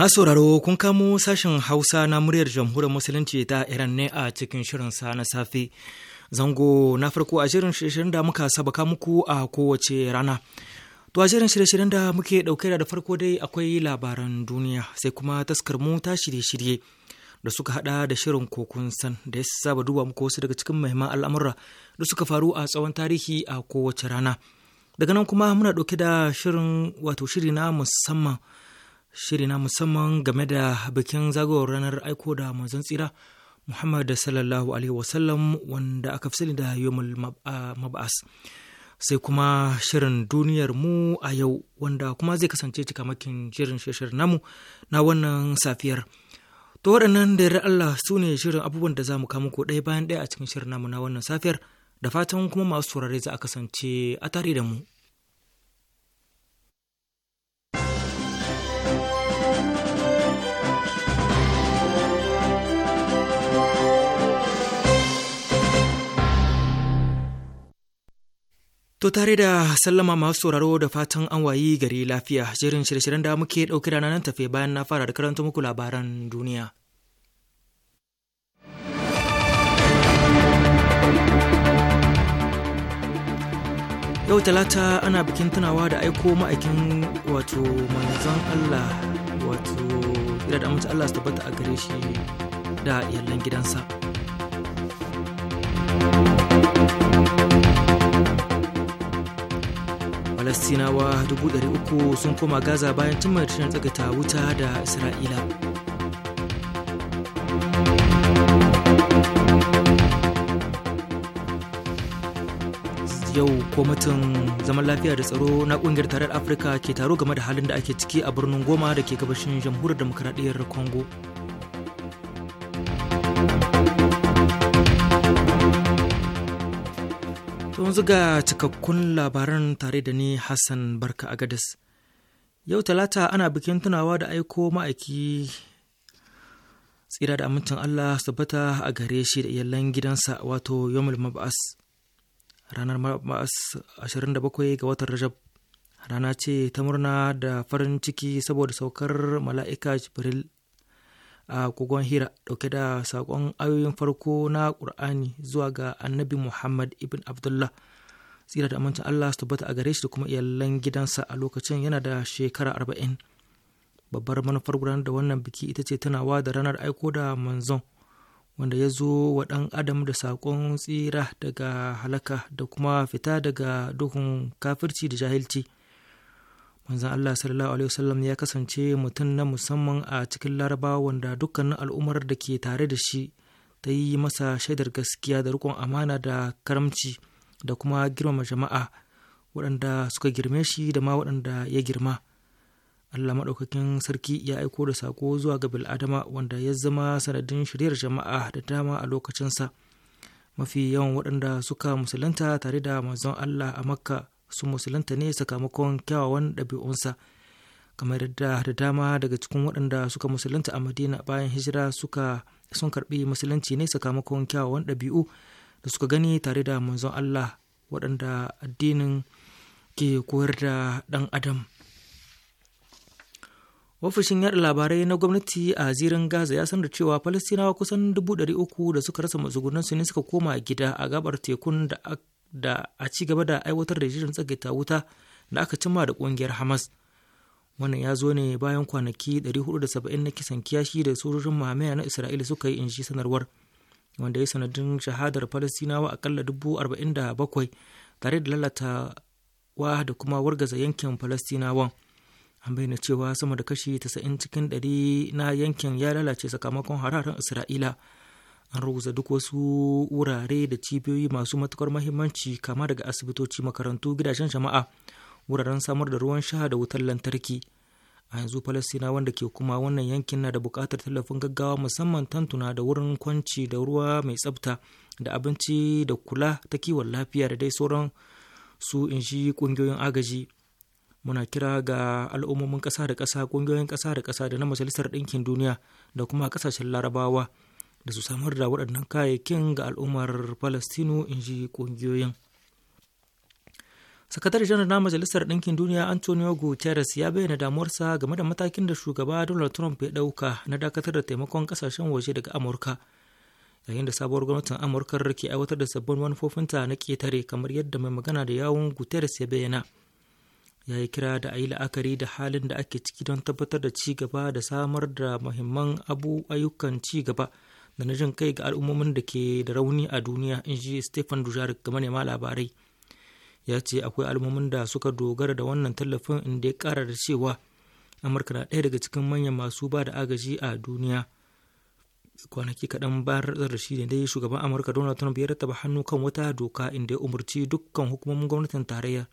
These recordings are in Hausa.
Masu sauraro kun kamo sashen Hausa na muryar jamhuriyar Musulunci ta Iran ne a cikin shirin sa na safe. Zango na farko a shirin shirin da muka sabaka muku a kowace rana. To a shirin shirye da muke ɗauke da farko dai akwai labaran duniya sai kuma taskar mu ta shirye-shirye da suka hada da shirin kokun san da ya saba duba muku wasu daga cikin mahimman al'amura da suka faru a tsawon tarihi a kowace rana. Daga nan kuma muna ɗauke da shirin wato shiri na musamman shiri na musamman game da bikin zagawar ranar aiko da manzon tsira Muhammad sallallahu alaihi wasallam wanda aka fi da yomul mab'as sai kuma shirin duniyar mu a yau wanda kuma zai kasance cikamakin shirin shirin namu na wannan safiyar to waɗannan da Allah su ne shirin abubuwan da za mu kama ko ɗaya bayan ɗaya a cikin shirin namu na wannan safiyar da fatan kuma masu saurare za a kasance a tare da mu To tare da sallama masu sauraro da fatan an wayi gari lafiya shirin shirye-shiryen da muke ɗauki rana nan tafe bayan na fara da karanta muku labaran duniya. Yau talata ana bikin tunawa da aiko ma'aikin wato manzon Allah wato da amince Allah su tabbata a gare shi da iyalan gidansa. Falastinawa uku sun koma Gaza bayan tumar shirin tsagata wuta da Isra'ila. Yau kwamitin zaman lafiya da tsaro na ƙungiyar tarar Afirka ke taro game da halin da ake ciki a birnin Goma da ke gabashin jamhuriyar demokradiyyar Congo. yanzu ga cikakkun labaran tare da ni Hassan Barka Agadis. Yau Talata ana bikin tunawa da aiko ma'aiki tsira da amincin Allah bata a gare shi da iyalan gidansa wato Yomul Mab'as. Ranar Mab'as 27 ga watan Rajab rana ce ta murna da farin ciki saboda saukar mala'ika Jibril a kogon hira dauke da sakon ayoyin farko na qur'ani zuwa ga annabi muhammad ibn abdullah tsira da amincin allah su tabbata a gare shi da kuma iyalan gidansa a lokacin yana da shekara arba'in babbar manufar gudanar da wannan biki ita ce tunawa da ranar aiko da manzon wanda ya zo wa dan adam da sakon tsira daga halaka da kuma fita daga duhun kafirci da jahilci manzan Allah sallallahu alaihi wasallam ya kasance mutum na musamman a cikin laraba wanda dukkanin al'ummar da ke tare da shi ta yi masa shaidar gaskiya da rikon amana da karamci da kuma girmama jama'a waɗanda suka girme shi da ma waɗanda ya girma Allah maɗaukakin sarki ya aiko da sako zuwa ga bil'adama wanda ya zama sanadin shiryar jama'a da dama a lokacinsa mafi yawan waɗanda suka musulunta tare da manzon Allah a makka su musulunta ne sakamakon kyawawan ɗabi'unsa kamar yadda da dama daga cikin waɗanda suka musulunta a madina bayan hijira suka sun karɓi musulunci ne sakamakon kyawawan ɗabi'u da suka gani tare da manzon allah waɗanda addinin ke koyar da ɗan adam ofishin yada labarai na gwamnati a zirin gaza ya sanar cewa falastinawa kusan 300,000 da suka rasa matsugunansu ne suka koma gida a gabar tekun da da a ci gaba da aiwatar da jirgin tsagaita wuta da aka cimma da kungiyar Hamas. Wannan ya zo ne bayan kwanaki 470 na kisan kiyashi da sojojin mamaya na Isra'ila suka yi inji sanarwar wanda ya sanadin shahadar Falastinawa akalla dubu tare da lalata tare da kuma wargaza yankin Falasinawa. An bayyana cewa sama da kashi 90 cikin 100 na yankin ya lalace sakamakon hararen Isra'ila. an rugusa duk wasu wurare da cibiyoyi masu matukar mahimmanci kama daga asibitoci makarantu gidajen jama'a wuraren samar da ruwan sha da wutar lantarki a yanzu falastina wanda ke kuma wannan yankin na da buƙatar tallafin gaggawa musamman tantuna da wurin kwanci da ruwa mai tsafta da abinci da kula ta kiwon lafiya da dai sauran su in shi ƙungiyoyin agaji muna kira ga al'ummomin ƙasa da ƙasa ƙungiyoyin ƙasa da ƙasa da na majalisar ɗinkin duniya da kuma ƙasashen larabawa da su samar da waɗannan kayayyakin ga al'ummar palestino in ji ƙungiyoyin sakatare janar na majalisar ɗinkin duniya antonio guterres ya bayyana damuwarsa game da matakin da shugaba donald trump ya ɗauka na dakatar da taimakon ƙasashen waje daga amurka yayin da sabuwar gwamnatin amurka ke aiwatar da sabbin manufofinta na ƙetare kamar yadda mai magana da yawun guterres ya bayyana ya yi kira da a yi la'akari da halin da ake ciki don tabbatar da ci gaba da samar da muhimman abu ayyukan ci gaba da na jin kai ga al'ummomin da ke da rauni a duniya in ji stephen dujar ga manema labarai ya ce akwai al'ummomin da suka dogara da wannan tallafin inda ya kara da cewa amurka na ɗaya daga cikin manyan masu ba da agaji a duniya kwanaki kaɗan bayar da shi ne dai shugaban amurka donald trump ya rattaba hannu kan wata doka inda ya umarci dukkan hukumomin gwamnatin tarayya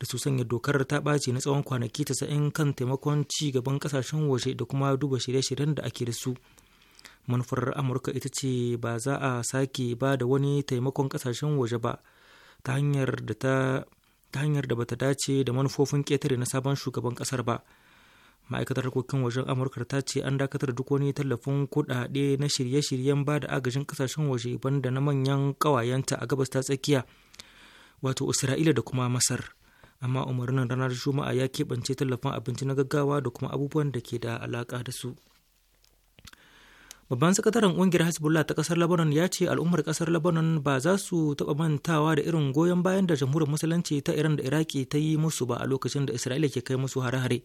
da su sanya dokar ta ɓace na tsawon kwanaki ta sa'in kan taimakon ci gaban ƙasashen waje da kuma duba shirye-shiryen da ake da su manufar amurka ita ce ba za a sake ba da wani taimakon kasashen waje ba ta hanyar da ta ta bata dace da manufofin ketare na sabon shugaban ƙasar ba ma'aikatar harkokin wajen amurka ta ce an dakatar duk wani tallafin kuɗaɗe na shirye-shiryen ba da agajin kasashen waje banda na manyan ƙawayenta a gabas ta tsakiya wato isra'ila da kuma masar amma umarnin ranar juma'a ya keɓance tallafin abinci na gaggawa da kuma abubuwan da ke da alaƙa da su babban sakataren ƙungiyar hezbollah ta ƙasar lebanon ya ce al'ummar ƙasar lebanon ba za su taɓa mantawa da irin goyon bayan da jamhuriyar musulunci ta iran da iraki ta yi musu ba a lokacin da isra'ila ke kai musu hare-hare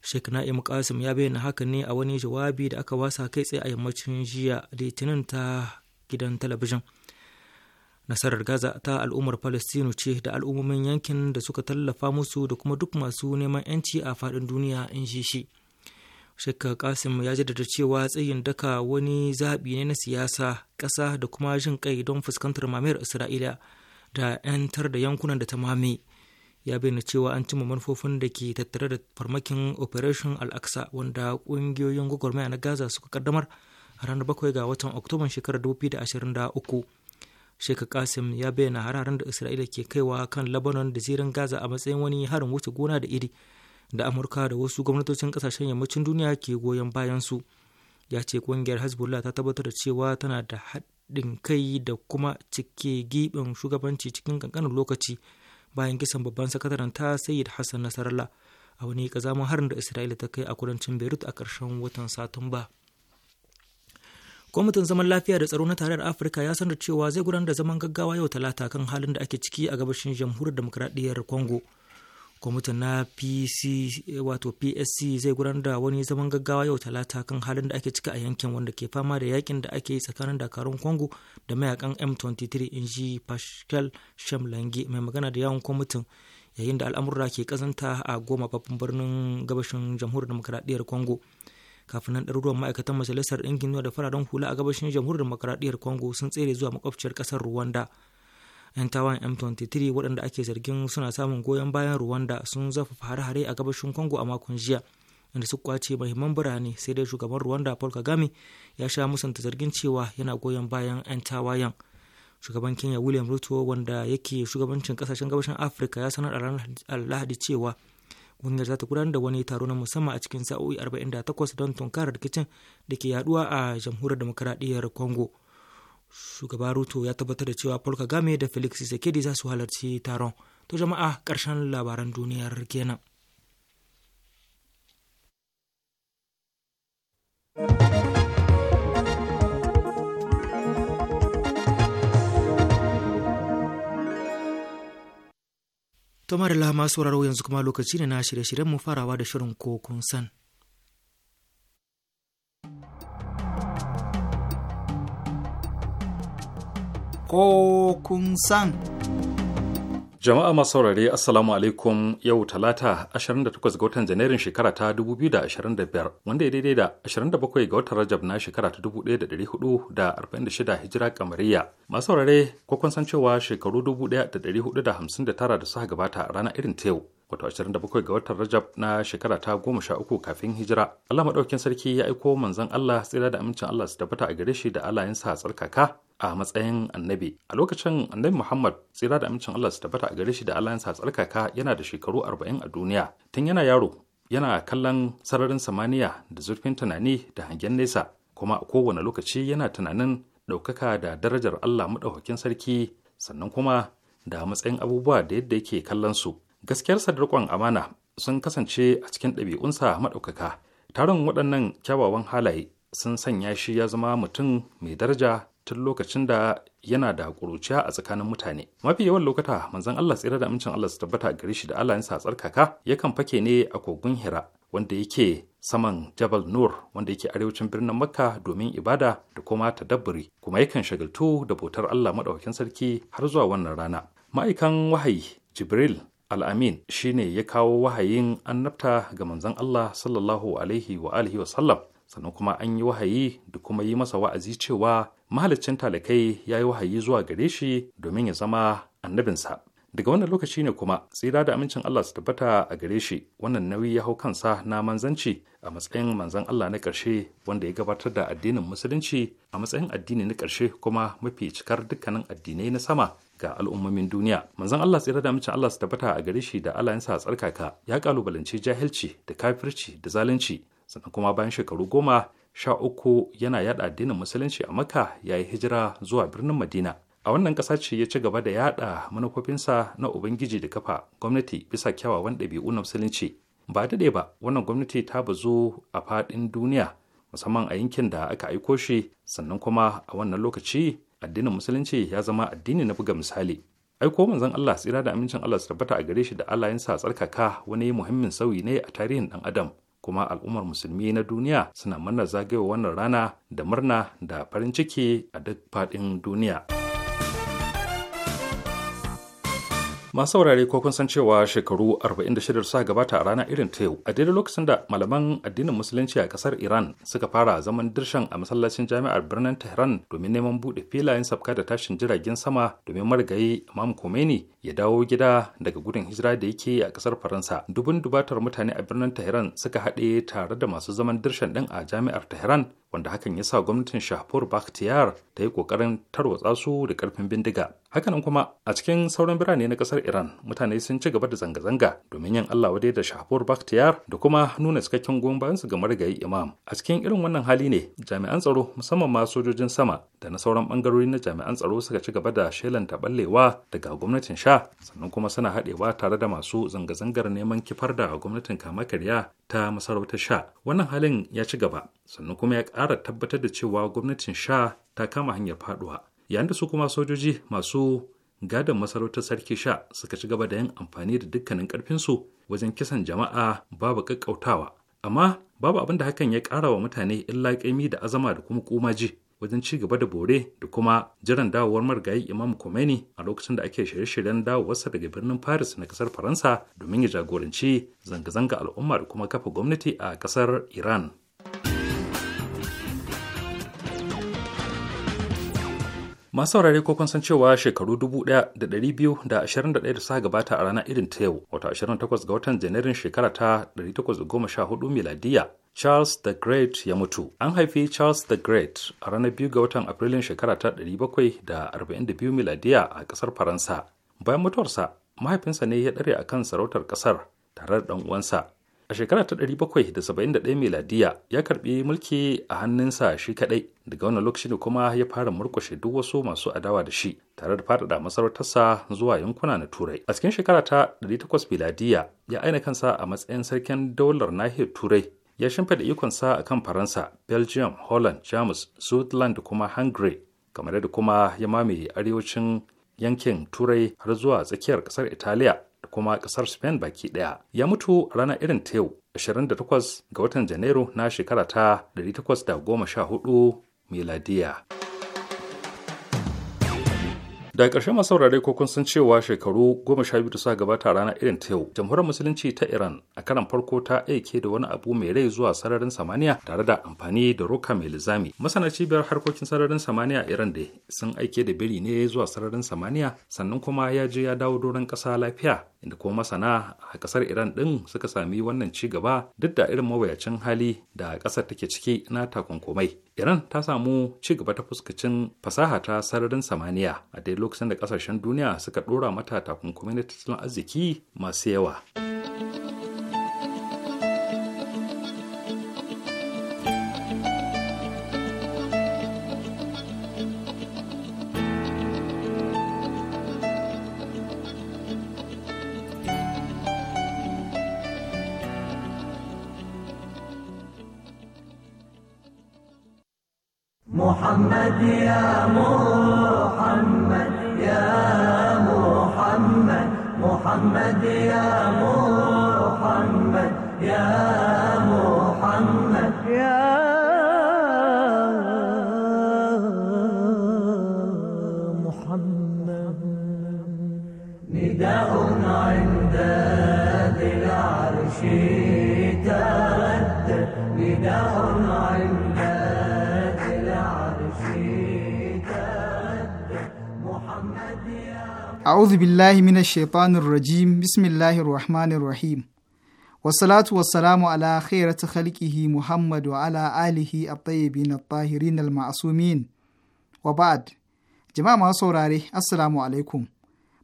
sheikh na'im qasim ya bayyana haka ne a wani jawabi da aka wasa kai tsaye a yammacin jiya litinin ta gidan talabijin nasarar gaza ta al'ummar palestino ce da al'ummomin yankin da suka tallafa musu da kuma duk masu neman 'yanci a faɗin duniya in shi shi shakka kasim ya jaddada cewa tsayin daka wani zaɓi ne na siyasa ƙasa da kuma jin kai don fuskantar mamayar isra'ila da 'yantar da yankunan da ta mame ya bayyana cewa an cimma manufofin da ke tattare da farmakin operation al-aqsa wanda ƙungiyoyin gwagwarmaya na gaza suka kaddamar a ranar bakwai ga watan oktoban shekarar 2023 Sheikh Kasim ya bayyana hararen da Isra'ila ke kaiwa kan Lebanon da zirin Gaza a matsayin wani harin wuce gona da iri da amurka da wasu gwamnatocin kasashen yammacin duniya ke goyon su ya ce kungiyar hezbollah ta tabbatar da cewa tana da haɗin kai da kuma cike giɓin shugabanci cikin kankanin lokaci bayan kisan babban sakataren ta sayyid hassan nasarala a wani ƙazamin harin da isra'ila ta kai a kudancin beirut a ƙarshen watan satumba kwamitin zaman lafiya da tsaro na tarayyar afirka ya sanar cewa zai gudanar da zaman gaggawa yau talata kan halin da ake ciki a gabashin jamhuriyar demokradiyyar congo kwamitin na pc eh, wato psc zai gudanar da wani zaman gaggawa yau talata kan halin da ake cika a yankin wanda ke fama da yakin da ake yi tsakanin dakarun congo da mayakan m23 in ji pascal shamlange mai magana da yawon kwamitin yayin da al'amurra ke kazanta a goma babban birnin gabashin jamhuriyar demokradiyyar congo kafin nan ɗaruruwan ma'aikatan majalisar ɗinkin da fararen hula a gabashin jamhuriyar demokradiyyar congo sun tsere zuwa makwabciyar ƙasar rwanda 'yan tawan m23 waɗanda ake zargin suna samun goyon bayan rwanda sun zafafa hare-hare a gabashin congo a makon jiya inda su kwace mahimman birane sai dai shugaban rwanda paul kagame ya sha musanta zargin cewa yana goyon bayan 'yan tawayen shugaban kenya william ruto wanda yake shugabancin kasashen gabashin afirka ya sanar a ranar lahadi cewa kungiyar za ta gudanar da wani taro na musamman a cikin sa'o'i 48 don tunkarar rikicin da ke yaduwa a jamhuriyar demokaradiyyar congo shugaba ruto ya tabbatar da cewa paul kagame da felix sekedi za su halarci taron to jama'a ƙarshen labaran duniyar kenan Tomar lama sauraro yanzu kuma lokaci ne na shirye-shiryen mu farawa da shirin kokun san. ko kun san. Jama'a masu saurare Assalamu alaikum yau Talata 28 ga watan Janairun shekara ta 2025 wanda ya daidai da 27 ga watan Rajab na shekara ta 1446 Hijira kamariya. Masu saurare kun san cewa shekaru 1459 da suka gabata rana irin ta yau. wato 27 ga watan Rajab na shekara ta goma sha uku kafin hijira. Allah maɗaukin sarki ya aiko manzon Allah tsira da amincin Allah su tabbata a gare shi da alayensa a tsarkaka a matsayin annabi. A lokacin annabi Muhammad tsira da amincin Allah su tabbata a gare shi da alayensa a tsarkaka yana da shekaru arba'in a duniya. Tun yana yaro yana kallon sararin samaniya da zurfin tunani da hangen nesa kuma a kowane lokaci yana tunanin ɗaukaka da darajar Allah maɗaukakin sarki sannan kuma da matsayin abubuwa da yadda yake kallon su Gaskiyar da amana sun kasance a cikin ɗabi'unsa maɗaukaka Taron waɗannan kyawawan halaye sun sanya shi ya zama mutum mai daraja tun lokacin da yana da ƙuruciya a tsakanin mutane mafi yawan lokata manzon Allah tsira da amincin Allah su tabbata gare shi da Allah ya sa tsarkaka yakan fake ne a kogun Hira wanda yake saman Jabal Nur wanda yake arewacin birnin Makka domin ibada da kuma tadabburi kuma yakan shagaltu da bautar Allah madaukakin sarki har zuwa wannan rana ma'aikan wahayi Jibril al'amin ne ya kawo wahayin annabta ga manzon Allah sallallahu alaihi wa alihi wa sannan kuma an yi wahayi da kuma yi masa wa'azi cewa mahalicin talakai ya yi wahayi zuwa gare shi domin ya zama annabinsa daga wannan lokaci ne kuma tsira da amincin Allah su tabbata a gare shi wannan nauyi ya hau kansa na manzanci a matsayin manzan Allah na ƙarshe wanda ya gabatar da addinin musulunci a matsayin addini na ƙarshe kuma mafi cikar dukkanin addinai na sama ga al'ummomin duniya manzon Allah tsira da mace Allah su tabbata a gare shi da Allah yasa tsarkaka ya kalubalance jahilci da kafirci da zalunci sannan kuma bayan shekaru goma sha uku yana yada addinin musulunci a makka ya yi hijira zuwa birnin madina a wannan ƙasa ce ya ci gaba da yada manufofinsa na ubangiji da kafa gwamnati bisa kyawawan ɗabi'u na musulunci ba daɗe ba wannan gwamnati ta bazu a faɗin duniya musamman a yankin da aka aiko shi sannan kuma a wannan lokaci addinin musulunci ya zama addini na buga misali ai ko manzon Allah tsira da amincin Allah su tabbata a gare shi da Allah sa tsarkaka wani muhimmin sauyi ne a tarihin dan adam kuma al'ummar musulmi na duniya suna murnar zagayowa wannan rana da murna da farin ciki a duk faɗin duniya. masu saurari ko kun san cewa shekaru 46 suka gabata a rana irin ta yau a daidai lokacin da malaman addinin musulunci a kasar iran suka fara zaman dirshan a masallacin jami'ar birnin tehran domin neman buɗe filayen sabka da tashin jiragen sama domin marigayi imam khomeini ya dawo gida daga gudun hijira da yake a kasar faransa dubun dubatar mutane a birnin tehran suka haɗe tare da masu zaman dirshan ɗin a jami'ar tehran wanda hakan ya sa gwamnatin shahpur bakhtiyar ta yi kokarin tarwatsa su da karfin bindiga hakanan kuma a cikin sauran birane na kasar iran mutane sun ci gaba da zanga-zanga domin yin allah wadai da shahpur bakhtiyar da kuma nuna cikakken goyon bayan su ga marigayi imam a cikin irin wannan hali ne jami'an tsaro musamman ma sojojin sama da na sauran bangarori na jami'an tsaro suka ci gaba da shelanta ballewa daga gwamnatin sha sannan kuma suna haɗewa tare da masu zanga-zangar neman kifar da gwamnatin kama karya ta masarautar sha wannan halin ya ci gaba sannan kuma ya ƙara tabbatar da cewa gwamnatin sha ta kama hanyar faduwa yayin da su kuma sojoji masu gadon masarautar sarki sha suka ci gaba da yin amfani da dukkanin ƙarfinsu wajen kisan jama'a babu ƙaƙƙautawa amma babu abin da hakan ya ƙara wa mutane illa ƙaimi da azama da kuma ƙumaji wajen ci gaba da bore da kuma jiran dawowar marigayi Imam Khomeini a lokacin da ake shirye-shiryen dawowarsa daga birnin Paris na kasar Faransa domin ya jagoranci zanga-zanga al'umma da kuma kafa gwamnati a kasar Iran. Masu saurare ko kun san cewa shekaru 1221 da suka gabata a rana irin ta yau, wato 28 ga watan Janairun shekara ta 1814 miladiya, Charles the Great ya mutu. An haifi Charles the Great a ranar biyu ga watan Afrilun shekara ta 742 miladiya a ƙasar Faransa. Bayan mutuwarsa, mahaifinsa ne ya ɗare a kan sarautar ƙasar tare da uwansa. A shekara ta 771 miladiya ya karɓi mulki a hannunsa shi kaɗai. Daga wannan lokaci ne kuma ya fara murƙushe duk wasu masu adawa da shi tare da faɗaɗa masarautarsa zuwa yankuna na Turai. A cikin shekara ta 800 miladiya ya aina kansa a matsayin sarkin daular nahiyar Turai ya shimfida ikonsa a kan faransa belgium holland jamus switzerland da kuma hungary kamar da kuma ya mamaye arewacin yankin turai har zuwa tsakiyar kasar italiya da kuma kasar spain baki ɗaya. ya mutu a ranar irin ta 28 ga watan janairu na shekara ta 1814 miladiya. da ƙarshe masu saurare ko kun san cewa shekaru goma sha biyu da suka gabata rana irin ta yau jamhuriyar musulunci ta iran a karan farko ta aike da wani abu mai rai zuwa sararin samaniya tare da amfani da roka mai lizami masana cibiyar harkokin sararin samaniya a iran da sun aike da biri ne zuwa sararin samaniya sannan kuma ya je ya dawo doron ƙasa lafiya inda kuma masana a kasar iran din suka sami wannan ci gaba duk da irin mawuyacin hali da kasar take ciki na takunkumai iran ta samu ci gaba ta fuskacin fasaha ta sararin samaniya a dai lokacin da kasashen duniya suka dora mata takunkumai na tattalin arziki masu yawa. محمد يا محمد يا محمد محمد يا محمد A'udhu billahi minash shaitanir rajim. Bismillahir rahmanir rahim. Wassalatu wassalamu ala khairati khalqihi Muhammad wa ala alihi at-tayyibin at-tahirin al-ma'sumin. Wa ba'd. Jama'a masu saurare, Assalamu alaikum.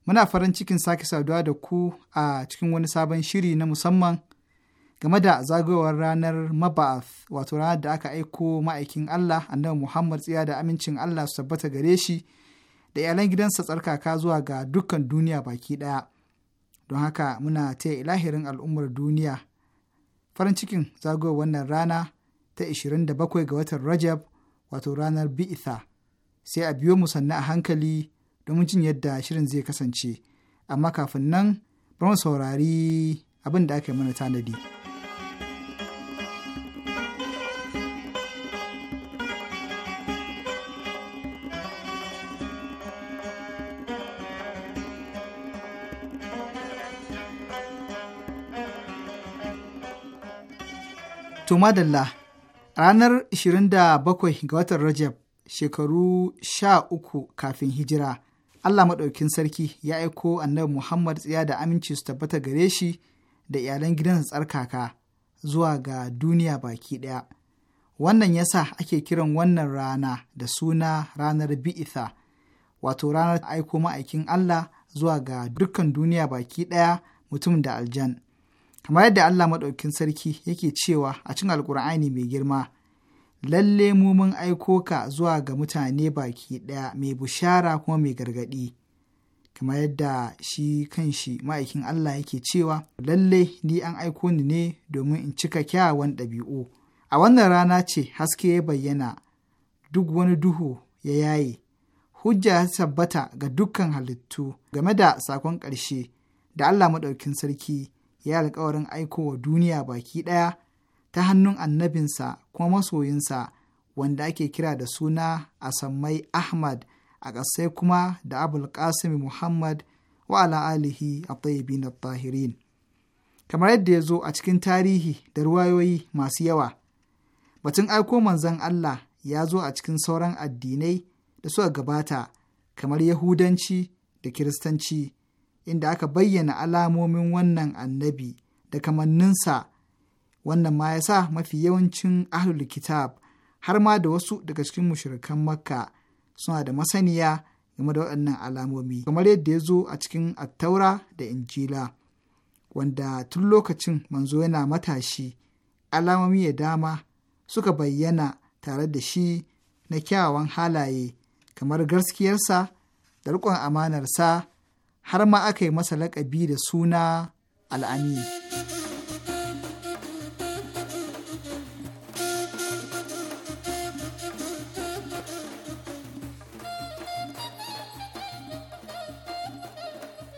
Muna farin cikin sake saduwa da ku a cikin wani sabon shiri na musamman game da zagayowar ranar Maba'ath, wato ranar da aka aiko ma'aikin Allah, Annabi Muhammad tsiya da amincin Allah su tabbata gare shi. da iyalan gidansa tsarkaka zuwa ga dukkan duniya baki ɗaya. Don haka muna taya ilahirin al'ummar duniya farin cikin zagoyar wannan rana ta 27 ga watan Rajab wato ranar bi'itha sai a biyo mu sannu a hankali domin jin yadda shirin zai kasance amma kafin nan bamu saurari abin da aka yi mana tanadi. To madalla, ranar 27 ga watan Rajab shekaru sha uku kafin hijira, Allah maɗaukin sarki ya aiko annabi Muhammad tsaya da aminci su tabbata gare shi da iyalan gidansa tsarkaka zuwa ga duniya baki ɗaya. Wannan yasa ake kiran wannan rana da suna ranar bi'itha, wato ranar aiko ma'aikin Allah zuwa ga dukkan duniya baki ɗaya mutum da aljan. kamar yadda Allah maɗaukin sarki yake cewa a cikin alkur'ani mai girma lalle mu mun aiko ka zuwa ga mutane baki ɗaya mai bushara kuma mai gargaɗi kamar yadda shi kan shi ma'aikin Allah yake cewa lalle ni an aiko ni ne domin in cika kyawawan ɗabi'u a wannan rana ce haske ya bayyana duk wani duhu ya yaye hujja ya tabbata ga dukkan halittu game da sakon ƙarshe da Allah maɗaukin sarki ya alkawarin aiko wa duniya baki ɗaya ta hannun annabinsa kuma masoyinsa wanda ake kira da suna a samai Ahmad a ƙasai kuma da Abul Qasim Muhammad wa ala alihi a tayyibin tahirin. Kamar yadda ya zo a cikin tarihi da ruwayoyi masu yawa, batun aiko manzon Allah ya zo a cikin sauran addinai da suka gabata kamar Yahudanci da Kiristanci inda aka bayyana alamomin wannan annabi da kamanninsa wannan ma ya sa mafi yawancin ahlul kitab har ma da wasu daga cikin mushirikan makka suna da masaniya game da waɗannan alamomi kamar yadda ya zo a cikin attaura da injila wanda tun lokacin manzo yana matashi alamomi ya dama suka bayyana tare da shi na kyawawan halaye kamar gaskiyarsa da riƙon amanarsa har ma aka yi masa lakabi da suna al'ami.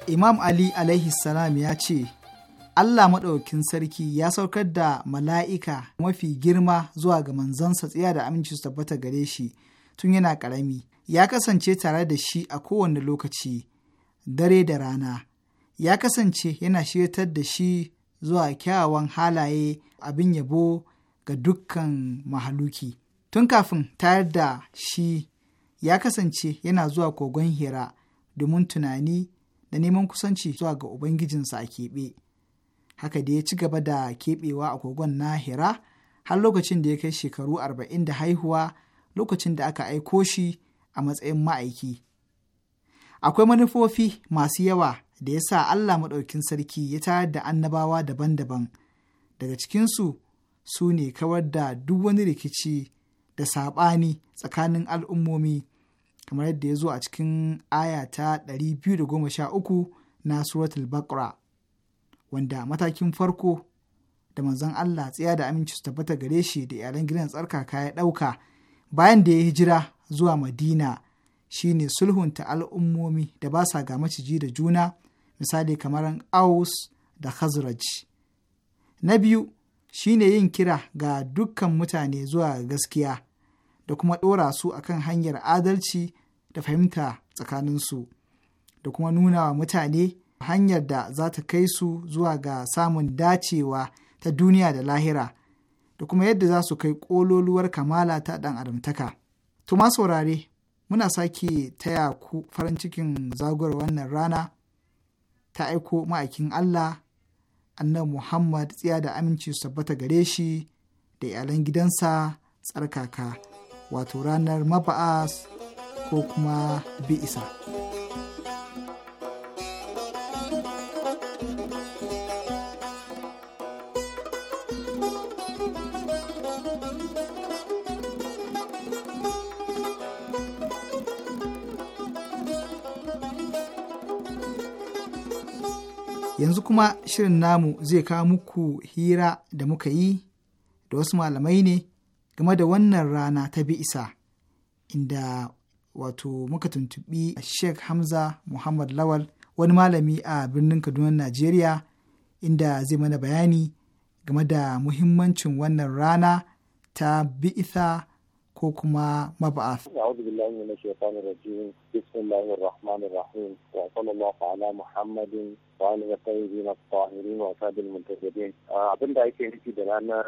Imam Ali alaihi salam ya ce, Allah maɗaukin sarki ya saukar da mala'ika mafi girma zuwa ga manzansa tsiya da aminci su tabbata gare shi tun yana ƙarami, ya kasance tare da shi a kowane lokaci. dare da rana ya kasance yana shirtar da shi zuwa kyawawan halaye abin yabo ga dukkan mahaluki tun kafin tayar da shi ya kasance yana zuwa kogon hira domin tunani da neman kusanci zuwa ga ubangijinsa a keɓe haka da ya ci gaba da keɓewa a kogon na hira har lokacin da ya kai shekaru arba'in da haihuwa lokacin da aka aiko shi a matsayin ma'aiki akwai manufofi masu yawa da ya sa Allah maɗaukin sarki ya tayar da annabawa daban-daban daga cikinsu su ne kawar da duk wani rikici da saɓani tsakanin al'ummomi kamar yadda ya zo a cikin aya ta 213 na suratul bakra wanda matakin farko da manzon Allah tsaya da aminci su tabbata gare shi da iyalan gidan tsarkaka ya ɗauka bayan da ya hijira zuwa Madina shine sulhunta al'ummomi da ba sa ga maciji da juna misali kamar aus da khazraj na biyu shine yin kira ga dukkan mutane zuwa gaskiya da kuma ɗora su akan hanyar adalci da fahimta tsakaninsu da kuma nuna wa mutane hanyar da za ta kai su zuwa ga samun dacewa ta duniya da lahira da kuma yadda za su kai ƙololuwar kamala ta ɗan adamtaka. Tuma saurare muna sake taya ku farin cikin zagor wannan rana ta aiko ma'aikin Allah annabi Muhammad tsiya da aminci su tabbata gare shi da iyalan gidansa tsarkaka wato ranar maba'as ko kuma bi'isa. Yanzu kuma shirin namu zai kawo muku hira da muka yi da wasu malamai ne game da wannan rana ta bi'isa inda wato muka tuntuɓi Sheikh Hamza Muhammad Lawal wani malami a birnin Kaduna Najeriya inda zai mana bayani game da muhimmancin wannan rana ta bi'isa ko kuma maba'af. A'udhu Wa sallallahu ala Muhammadin wani ya sai yi na tsahirin wasa bin muntajabin ah, abin da ake nufi da ranar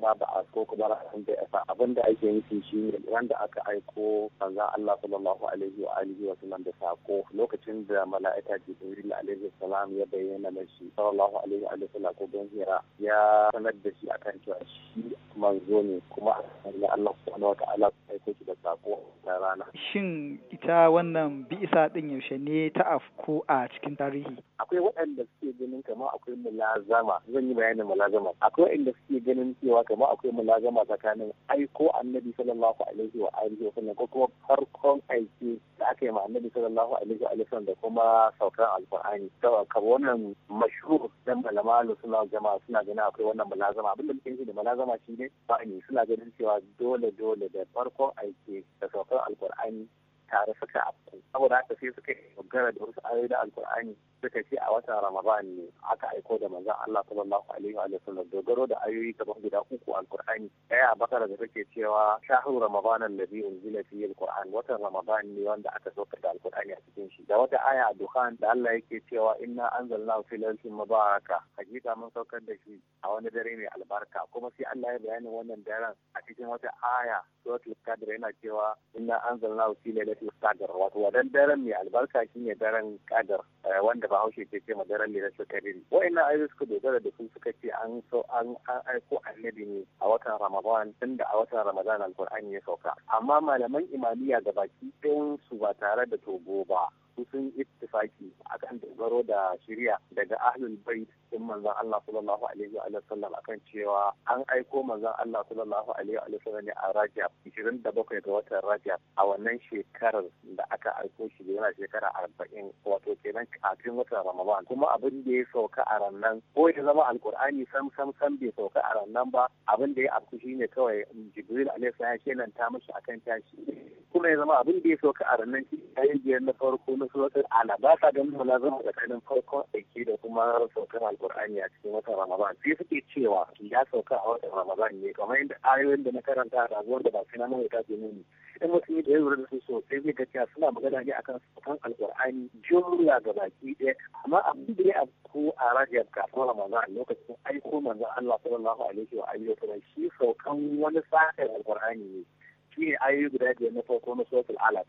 saba a ko kuma ranar da yasa abin da ake nufi shi ne da aka aiko sanzan Allah sallallahu alaihi wa alihi wa sallam da sako lokacin da mala'ika Jibril alaihi salam ya bayyana mashi sallallahu alaihi wa sallam ko don hira ya sanar da shi akan cewa shi manzo ne kuma a Allah subhanahu wa ta'ala aiko shi da sako da rana shin ita wannan bi'isa din yaushe ne ta afku a cikin tarihi akwai waɗanda suke ganin kamar akwai mulazama zan yi bayanin mulazama akwai waɗanda suke ganin cewa kamar akwai mulazama tsakanin aiko annabi sallallahu alaihi wa alihi wa sallam ko kuma farkon aiki da aka yi ma annabi sallallahu alaihi wa alihi sallam da kuma saukar alqur'ani to kamar wannan mashhur dan malama suna jama'a suna ganin akwai wannan mulazama abin da muke da mulazama shine ba'ani suna ganin cewa dole dole da farkon aiki da saukar alqur'ani tare suka afku saboda haka sai suka dogara da wasu ayoyi da alkur'ani suka ce a watan ramadan ne aka aiko da manzon Allah sallallahu alaihi wa sallam dogaro da ayoyi kamar guda uku alqur'ani daya a bakara da take cewa shahru ramadan alladhi unzila fihi alqur'an watan ramadan ne wanda aka saukar da alqur'ani a cikin shi da wata aya a dukan da Allah yake cewa inna anzalnahu fi lailatin mubaraka hakika mun saukar da shi a wani dare mai albarka kuma sai Allah ya bayani wannan daren a cikin wata aya suratul yana cewa inna anzalnahu fi lailatin qadr wato wadan daren mai albarka shine daren qadr eh, wanda bahaushe ke ce madarar lera shekaru wa'annan ayoyi suka dogara da su suka ce an so an aiko annabi ne a watan ramadan tunda a watan ramadan alkur'ani ya sauka amma malaman ga baki ɗayan su ba tare da togo ba sun ittifaki akan dogaro da shirya daga ahlul bait din manzon Allah sallallahu alaihi wa sallam akan cewa an aiko manzon Allah sallallahu alaihi wa sallam ne a Rajab 27 ga watan Rajab a wannan shekarar da aka aiko shi yana shekara 40 wato kenan kafin watan Ramadan kuma abin da ya sauka a rannan ko ya zama alkur'ani sam sam sam bai sauka a rannan ba abin da ya afku shine kawai Jibril alaihi salam kenan ta mishi akan tashi kuma ya zama abin da ya sauka a rannan shi yayin na farko da wata ala ba sa ganin mulazama tsakanin farkon aiki da kuma saukar alkur'ani a cikin watan ramadan sai suke cewa ya sauka a watan ramadan ne kamar yadda ayoyin da na karanta a raguwar da ba sai na mai ta nuni in mutum da ya lura da su sosai zai ga cewa suna magana ne akan saukan alkur'ani jumla ga baki ɗaya amma abin da ya afku a rajiyar kafin ramadan lokacin aiko manzon Allah sallallahu alaihi wa alihi wa sallam shi saukan wani sa'ar alkur'ani ne shi ne ayoyi guda biyar na farko na suratul alaq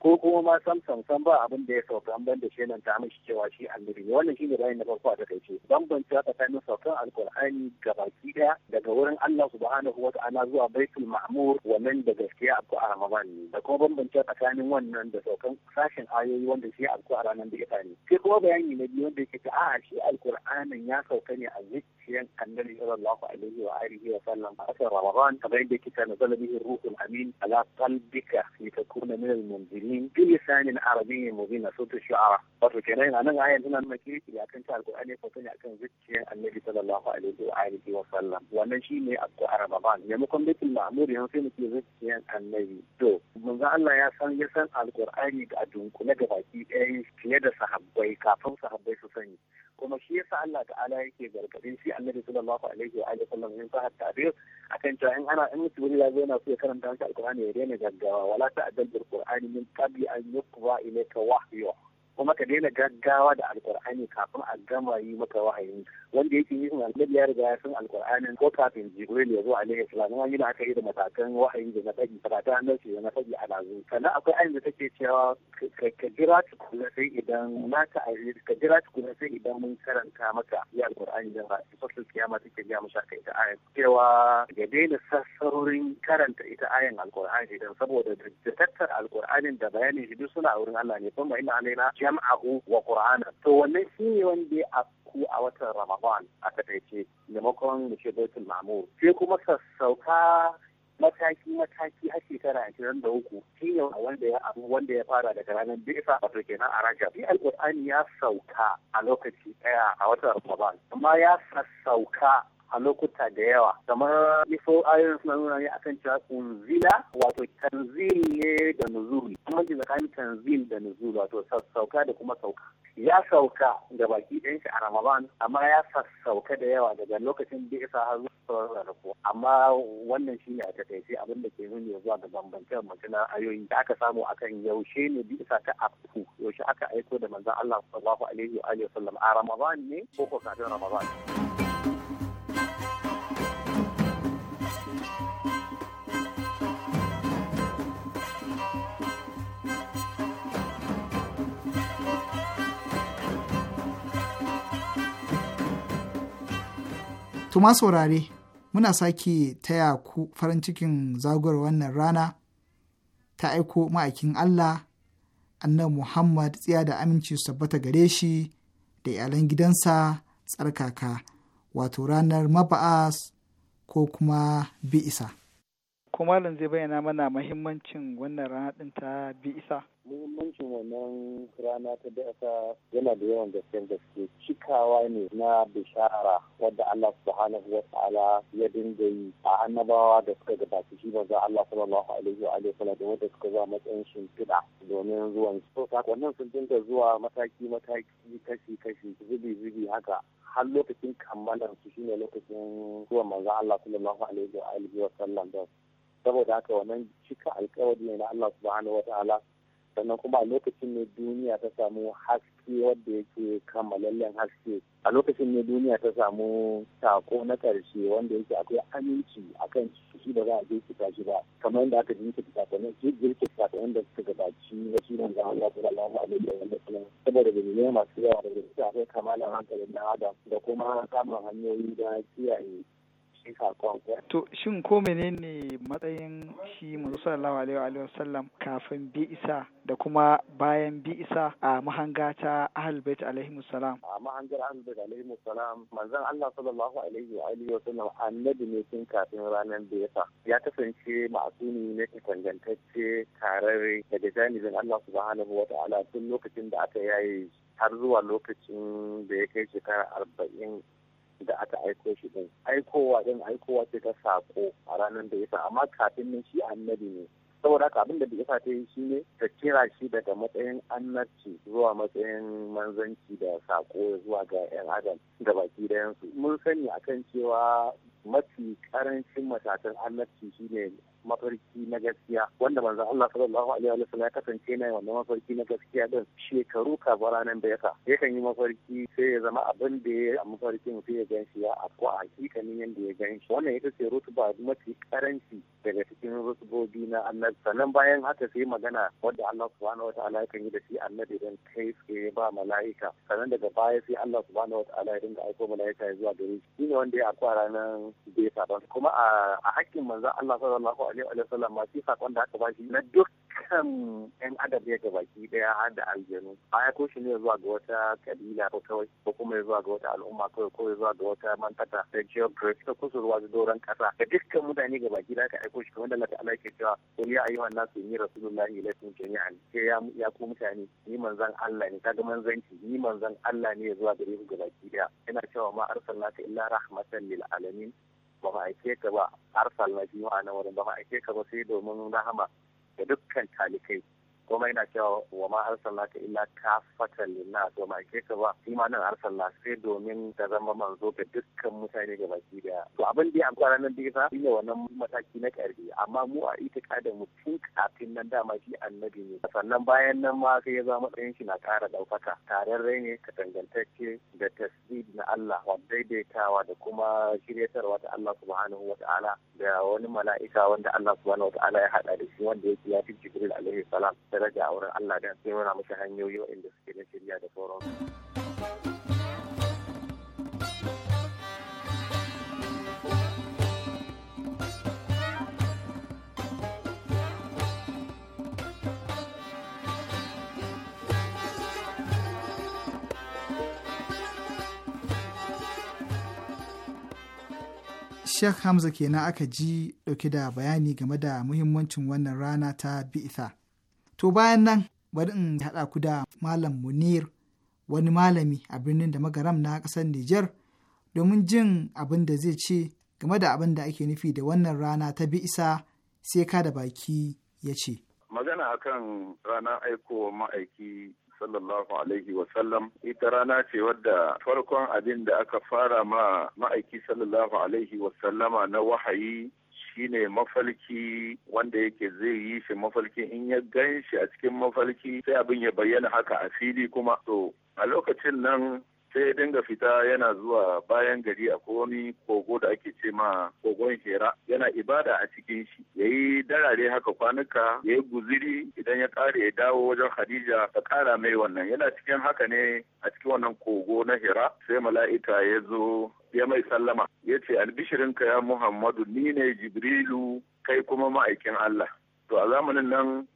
ko kuma ma sam sam sam ba abin da ya sauka an banda shelan ta mishi cewa shi annabi ne wannan shine bayani na farko a takaice bambanta tsakanin saukan alkur'ani gabaki daya daga wurin Allah subhanahu wata'ala zuwa baitul ma'mur nan da gaskiya a ramadan ne da kuma bambanta tsakanin wannan da saukan sashen ayoyi wanda shi alkur'ani nan da ya ne sai kuma bayani na biyu wanda yake ta a shi alkur'anin ya sauka ne a zuciyan annabi sallallahu alaihi wa alihi wa sallam a ramadan kamar yadda yake ta nazala bihi ruhul amin ala qalbika litakuna min al-munzirin min bilisanin arabiyyin mubin sautu shu'ara wato kenan ranar nan ayan tana nuna kirki a kan ta alqur'ani ko tana kan zuciyar annabi sallallahu alaihi wa alihi wa sallam wannan shine alqur'an ramadan maimakon baitul ma'mur yanzu sai muke zuciyar annabi to manzo Allah ya san ya san da a dunkule ga baki ɗaya fiye da sahabbai kafin sahabbai su sani kuma shi yasa Allah ta'ala yake gargadin shi Annabi sallallahu alaihi wa alihi sallam in sahar ta'bir akan cewa in ana in mutum ya zo yana so ya karanta shi alqur'ani ya daina gaggawa wala ta'dal bil qur'ani min qabli an yuqra ilayka wahyu kuma ka daina gaggawa da alkur'ani kafin a gama yi maka wahayi wanda yake yi sun annabi ya riga ya san alkur'ani ko kafin jibril ya zo alaihi salam wani da aka yi da matakan wahayi da na fadi fata annabi da na a lazu sannan akwai ayin da take cewa ka jira tukuna sai idan na ka ka jira tukuna sai idan mun karanta maka ya alkur'ani da fasul kiyama take ga musha kai ita ayin cewa ga daina sassaurin karanta ita ayin alkur'ani idan. saboda da tattar alkur'anin da bayanin shi duk suna a wurin Allah ne kuma ina alaina yam'ahu wa qur'ana to wannan shine wanda ya afku a watan ramadan a takaice maimakon mu ce baitul ma'mur sai kuma sassauka mataki mataki har shekara ashirin da uku shi ne wanda ya abu wanda ya fara daga ranar bisa wato kenan a rajab shi alqur'ani ya sauka a lokaci daya a watan ramadan amma ya sassauka a lokuta da yawa kamar ifo ayoyin suna nuna ne akan cewa tanzila wato tanzil ne da nuzul kuma tsakanin tanzil da nuzul wato sassauka da kuma sauka ya sauka da baki ɗin shi a ramadan amma ya sassauka da yawa daga lokacin da isa har zuwa sauran amma wannan shi ne a takaice abin da ke nuni zuwa ga bambancen mutuna ayoyi da aka samu akan yaushe ne bi isa ta afku yaushe aka aiko da manzon Allah sallallahu alaihi wa sallam a ramadan ne ko ko kafin ramadan ma saurare, muna sake taya ku farin cikin zaguwar wannan rana ta aiko ma'aikin Allah, annabi Muhammad tsiya da aminci su tabbata gare shi da iyalan gidansa tsarkaka, wato ranar maba'as ko kuma bi'isa. Ko malam zai bayyana mana mahimmancin wannan rana ɗin ta bi'isa? Muhimmancin wannan rana ta dasa yana da yawan gasken gaske cikawa ne na bishara wadda Allah subhanahu wa ta'ala ya dinga yi a annabawa da suka gabaci shi manzo Allah sallallahu alaihi wa alihi da wanda suka zuwa matsayin shimfiɗa domin zuwan su sakonnin sun dinga zuwa mataki mataki kashi kashi zubi zubi haka har lokacin kammalar su shine lokacin zuwan manzo Allah sallallahu alaihi wa alihi wa sallam saboda haka wannan cika alkawari ne na Allah subhanahu wa ta'ala sannan kuma a lokacin ne duniya ta samu haske wadda yake kammalallen haske a lokacin ne duniya ta samu sako na karshe wanda yake akwai aminci akan shi ba za a jirkita shi ba kamar yadda aka jirkita sakonin ta sakonin da suka gabaci na shi ne ga Allah ta zama a lokacin wanda kuma saboda ne masu yawa da suka akwai kamalan hankalin na adam da kuma samun hanyoyi da kiyaye shi saƙon. To shin ko menene matsayin shi Musa sallallahu alaihi wa sallam kafin bi isa da kuma bayan bi isa a mahanga ta ahlul bait alaihi salam. A mahangar ahlul bait alaihi salam manzon Allah sallallahu alaihi wa alihi wa sallam annabi ne tun kafin ranar bi isa. Ya kasance ma'asumi ne kwangantacce tarare daga janibin Allah subhanahu wa ta'ala tun lokacin da aka yaye har zuwa lokacin da ya kai shekara arba'in da aka aiko shi din aikowa din aikowa ce ta sako a ranar da isa amma kafin nan shi annabi ne saboda haka abin da bai isa ta yi shi ne ta kira shi daga matsayin annabci zuwa matsayin manzanci da sako zuwa ga yan adam da baki dayansu mun sani akan cewa mafi karancin matakan annabci shine mafarki na gaskiya wanda manzon Allah sallallahu alaihi wa sallam ya kasance ne wannan mafarki na gaskiya din shekaru kafin ranar da yasa yakan yi mafarki sai ya zama abin da ya a mafarkin sai ya gan shi ya afko a hakikanin yadda ya gan shi wannan ita ce rutuba mafi karanci daga cikin rutubobi na annabi sannan bayan haka sai magana wanda Allah subhanahu wa ta'ala yakan yi da shi annabi dan kai tsaye ba mala'ika sannan daga baya sai Allah subhanahu wa ta'ala ya dinga aiko mala'ika zuwa gare shi shine wanda ya afko a ranar da ya kuma a hakkin manzon Allah sallallahu sallallahu alaihi wa sallam shi sakon da aka bashi na dukkan yan adam ya gabaki daya har da aljanu a ya koshi ne zuwa ga wata kabila ko kawai ko kuma ya zuwa ga wata al'umma ko kawai zuwa ga wata mantaka da geography ta kusurwa wa doron kasa da dukkan mutane gabaki da aka aiko shi kamar da Allah Allah ke cewa ko ya ayyuhan nasu ni rasulullahi ilaikum jami'an ke ya ya ku mutane ni manzon Allah ne kaga manzanci ni manzon Allah ne ya zuwa gare ku gabaki daya yana cewa ma arsalnaka illa rahmatan lil alamin ba ma aike ka ba har salma juma'a na wurin ba ma aike ka ba sai domin rahama da dukkan talikai kuma ina cewa wa ma arsalnaka illa fata lina wa ma ka ba shi ma nan sai domin ta zama manzo ga dukkan mutane ga baki daya to abin da an fara nan bisa ne wannan mataki na ƙarfi amma mu a itikadin mu tun kafin nan dama shi annabi ne sannan bayan nan ma sai ya zama matsayin shi na ƙara ɗaukaka tararre ne ka dangantacce da tasiri na Allah wa daidaitawa da kuma shiryatarwa ta Allah subhanahu wa ta'ala da wani mala'ika wanda Allah subhanahu wa ta'ala ya haɗa da shi wanda yake ya fi Jibril alaihi salam daraja a wurin Allah dan sai muna mishi hanyoyi inda suke na shirya da sauransu. Sheikh Hamza kenan aka ji dauke da bayani game da muhimmancin wannan rana ta bi'itha. To bayan nan bari in haɗa ku da Malam Munir wani malami a birnin da magaram na ƙasar Nijar domin jin abin da zai ce game da abin da ake nufi da wannan rana ta bi isa sai ka da baki ya ce. Magana a kan rana aiko ma'aiki sallallahu alaihi wasallam ita rana ce wadda farkon abin da aka fara ma ma'aiki sallallahu alaihi wasallama na wahayi shine mafalki wanda yake zai yi shi mafalki in ya gan shi a cikin mafalki sai abin ya bayyana haka a fili kuma to a lokacin nan sai ya dinga fita yana zuwa bayan gari a wani kogo da ake ce ma kogon hera yana ibada a cikin shi ya yi darare haka kwanuka ya yi guziri idan ya kare ya dawo wajen hadija ta kara mai wannan yana cikin haka ne a cikin wannan kogo na hira. sai mala'ika ya zo ya mai sallama ya ce albishirinka ya muhammadu ni ne jibrilu kai kuma ma'aikin allah to a zamanin nan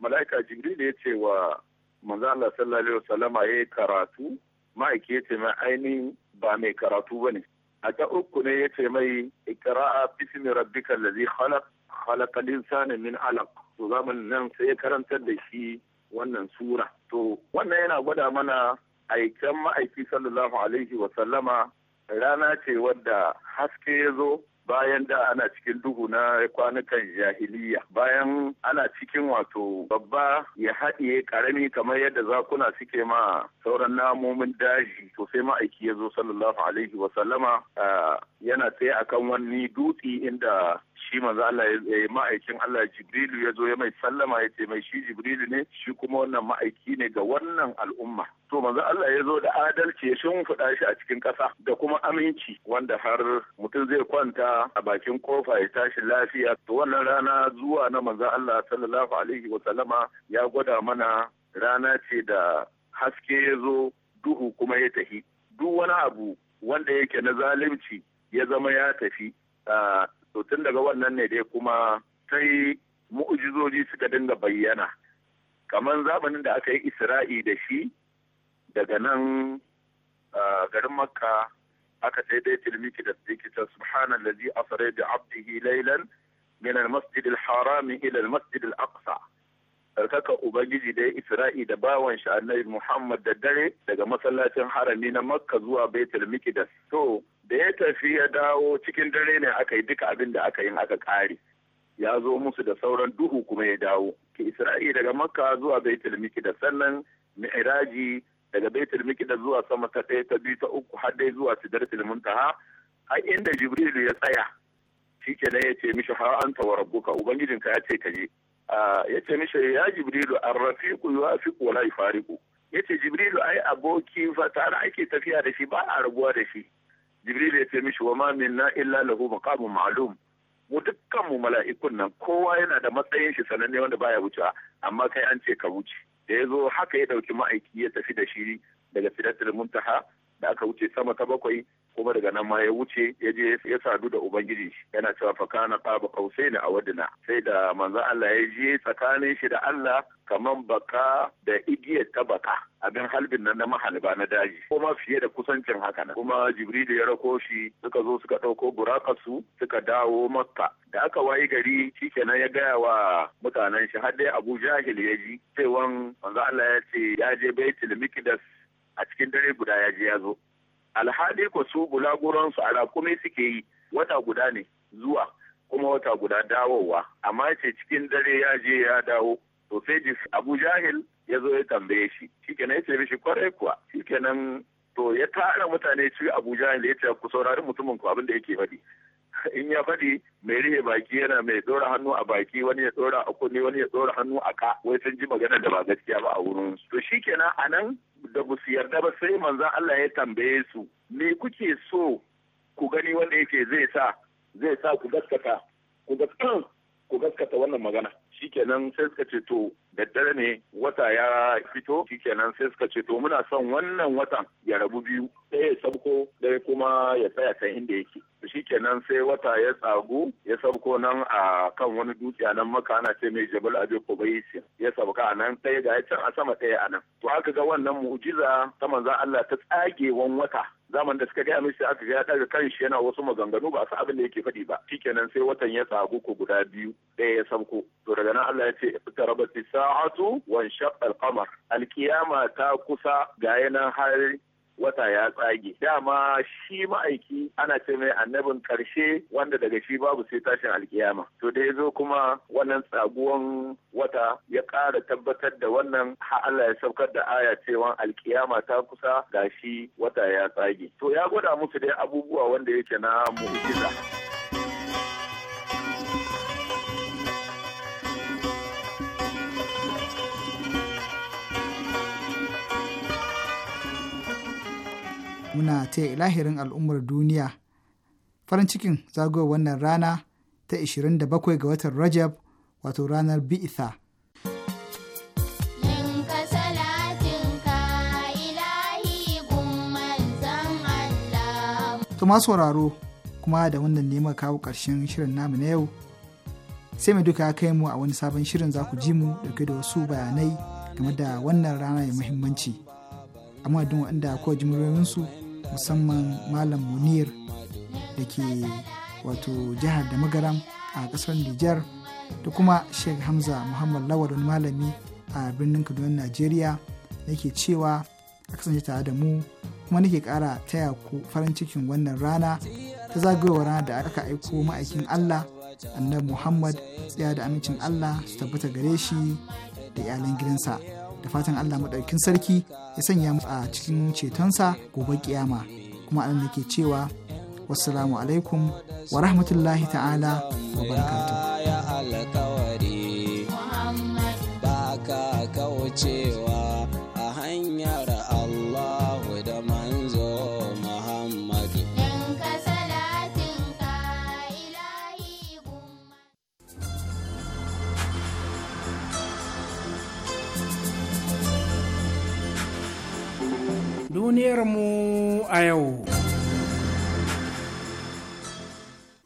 mala'ika jibrilu ya ce wa manzo Allah sallallahu alaihi wasallama ya karatu ma'aiki ya ce mai ainihin ba mai karatu ba ne a ta uku ne ya ce mai ikira'a bismi rabbika allazi khalaq khalaqal insana min alaq to zamanin nan sai ya karantar da shi wannan sura to wannan yana gwada mana aikan ma'aiki sallallahu alaihi wa sallama rana ce wadda haske ya zo bayan da ana cikin duhu na kwanukan jahiliya bayan ana cikin wato babba ya haɗiye karami kamar yadda zakuna suke ma sauran namomin daji to sai ma'aiki ya zo sallallahu alaihi wa yana tsaye akan wani dutse inda shi manzo Allah ya ma'aikin Allah Jibrilu ya zo ya mai sallama ya ce mai shi Jibrilu ne shi kuma wannan ma'aiki ne ga wannan al'umma to manzo Allah ya zo da adalci ya shimfiɗa shi a cikin ƙasa da kuma aminci wanda har mutum zai kwanta a bakin kofa ya tashi lafiya to wannan rana zuwa na manzo Allah sallallahu alaihi wa sallama ya gwada mana rana ce da haske ya zo duhu kuma ya tafi duk wani abu wanda yake na zalunci ya zama ya tafi to tun daga wannan ne dai kuma sai mu'ujizoji suka dinga bayyana kamar zamanin da aka yi isra'i da shi daga nan garin makka aka sai dai tilmiki da ta subhanan lazi asare da abdihi lailan min al-masjid ila al-masjid al sarkaka ubangiji dai isra'i da bawan shi annabi muhammad da dare daga masallacin harami na makka zuwa baitul miqdis so. da ya tafi ya dawo cikin dare ne aka yi duka abin da aka yi aka kare ya zo musu da sauran duhu kuma ya dawo ki isra'i daga makka zuwa baitul da sannan mi'raji daga baitul da zuwa sama ta ɗaya ta biyu ta uku har dai zuwa sidratul muntaha a inda jibril ya tsaya shi ke ya ce mishi ha anta wa rabbuka ubangijinka ya ce ka je ya ce mishi ya jibrilu arrafiqu yuwafiqu wala ku. ya ce jibrilu ai aboki fa tare ake tafiya da shi ba a rabuwa da shi jibril ya ce mishi wa ma minna illa lahu maqamun ma'lum mu dukkan mu mala'ikun nan kowa yana da matsayin shi sananne wanda baya wucewa amma kai an ce ka wuce da ya zo haka ya dauki ma'aiki ya tafi da shi daga fidatul muntaha da aka wuce sama ta bakwai kuma daga nan ma ya wuce ya je ya sadu da ubangiji yana cewa fakana qaba qausaina aw adna sai da manzo Allah ya je tsakanin shi da Allah kaman baka da igiyar ta baka abin halbin nan na mahaliba na daji kuma fiye da kusancin haka nan kuma jibrilu ya rako shi suka zo suka ɗauko burakasu suka dawo makka da aka wayi gari shikenan ya gaya wa mutanen shi har dai abu jahil ya ji cewan manzo Allah ya ce ya je baitul Mikidas. a cikin dare guda ya je ya zo alhali ko su bulaguransu a rakumi suke yi wata guda ne zuwa kuma wata guda dawowa amma ce cikin dare ya je ya dawo to sai abu jahil ya zo ya tambaye shi shikenan ya ce mishi kwarai kuwa shikenan to ya tara mutane ci abu jahil ya ce ku saurari mutumin ku abin da yake faɗi in ya faɗi mai rihe baki yana mai ɗora hannu a baki wani ya ɗora a kunne wani ya ɗora hannu a ka wai sun ji magana da ba gaskiya ba a wurin to shikenan a nan da ba su yarda ba sai manzan Allah ya tambaye su me kuke so ku gani wanda yake zai sa zai sa ku gaskata ku gaskata wannan magana shikenan sai suka ce to daddare ne wata ya fito shikenan sai suka ce to muna son wannan watan ya rabu biyu ɗaya ya sabko ɗaya kuma ya tsaya kan inda yake shikenan sai wata ya tsagu ya sabko nan a kan wani dutse nan maka ana ce mai jabal abe ko ya sabka a nan ɗaya ga can a sama ɗaya a nan to aka ga wannan mu'jiza ta manzan Allah ta tsagewan wata zaman da suka gaya min aka ga ya daga kanshi yana wasu maganganu ba su abin da yake faɗi ba shikenan sai watan ya tsagu ko guda biyu ɗaya ya sauko to daga nan Allah ya ce iqtarabat sa'atu wa shaqqa al-qamar al-qiyama ta kusa ga yana har wata ya tsage dama shi ma'aiki ana ce mai annabin karshe wanda daga shi babu sai tashin alkiyama to da ya zo kuma wannan tsaguwan wata ya ƙara tabbatar da wannan har Allah ya saukar da aya cewa alkiyama ta kusa gashi wata ya tsage to ya gwada musu dai abubuwa wanda yake na mu'jiza muna taya lahirin al'ummar duniya farin cikin zagayowar wannan rana ta 27 ga watan rajab wato ranar bi'itha To masu sauraro kuma da wannan nema kawo ƙarshen shirin namu na yau sai mai duka kai mu a wani sabon shirin za ku ji mu dauke da wasu bayanai game da wannan rana mai muhimmanci amma duk waɗanda ko jimuriyoyinsu musamman malam munir da ke wato jihar da magaram a kasar Nijar da kuma Sheikh Hamza Muhammad Lawal wani malami a birnin Kaduna Najeriya ke cewa a kasance tare da mu kuma nake kara taya ku farin cikin wannan rana ta zagayowar rana da aka aiko ma'aikin Allah annabi Muhammad tsaya da amincin Allah su tabbata gare shi da iyalan gidansa. da fatan Allah maɗaukin sarki ya sanya mu a cikin cetonsa gobe kiyama kuma da ke cewa wassalamu alaikum wa rahmatullahi ta'ala wa barakatuh duniyarmu a yau.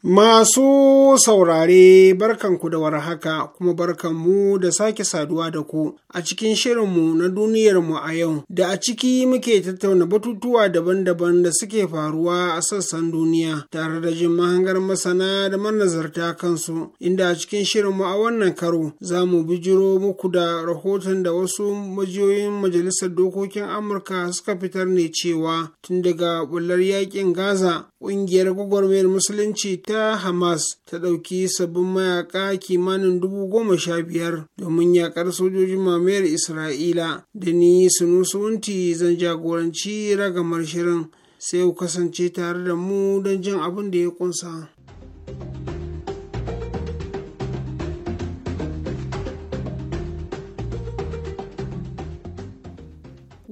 Masu saurare barkanku da warhaka kuma barkanmu da sake saduwa da ku a cikin shirinmu na duniyarmu a yau da a ciki muke tattauna batutuwa daban-daban da suke faruwa a sassan duniya tare da jin mahangar masana da manazarta kansu inda a cikin shirinmu a wannan karo za mu bijiro muku da rahoton da wasu majiyoyin majalisar dokokin Amurka suka fitar ne cewa tun daga bular yakin Gaza ƙungiyar gwagwarmayar musulunci ta hamas ta ɗauki sabbin mayaƙa kimanin dubu goma sha biyar domin yaƙar sojojin mamayar isra'ila da ni sunusunti zan jagoranci ragamar shirin sai ku kasance tare da mu don jin abin da ya ƙunsa.